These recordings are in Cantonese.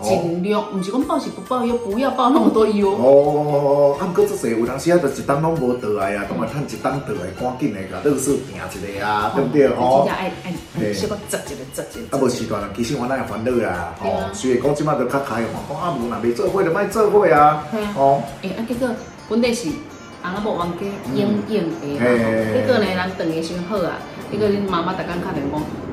哦、盡量唔是講報喜不報憂，不要報那麼多憂。哦，啊唔過做細有當時啊，就一單攏無倒來啊，同埋趁一單得來，趕緊嚟噶，到處訂一個、哦、啊，對不對？哦、啊，就真要愛愛愛，小可接一個接一個、啊。啊，無時段，其實我那也煩惱啊，哦，所以講即馬都較開，但講啊無嘛未做過就莫做過啊。吓，哦，誒，啊，結果是、OK，本地是阿拉某王家養養的，結果呢，嗯、人長得真好啊、嗯，結果你媽媽在講卡能講。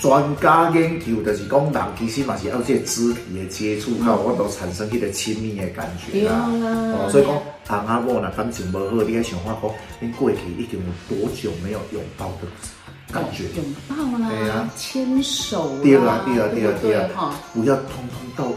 專家研究就是講，人其實嘛是要借肢體嘅接觸，靠我都產生一個親密嘅感覺、嗯啊、所以講，當下我若感情唔好，你要想法講，你過去已經有多久沒有擁抱的感覺了、啊？擁抱啦，牽手。對啦、啊啊啊啊啊，對對對不要通通都。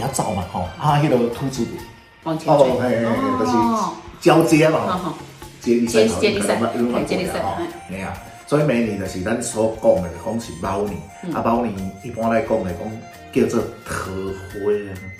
要走嘛，吼、哦、啊，喺度吐字，哦，係係係，就是交接嘛，嗬、哦，接力賽，接力賽，接力賽，嗬，係啊、喔，所以明年就是，說說是，咱所講嘅講是卯年，啊，卯年，一般嚟講嘅講叫做桃花啊。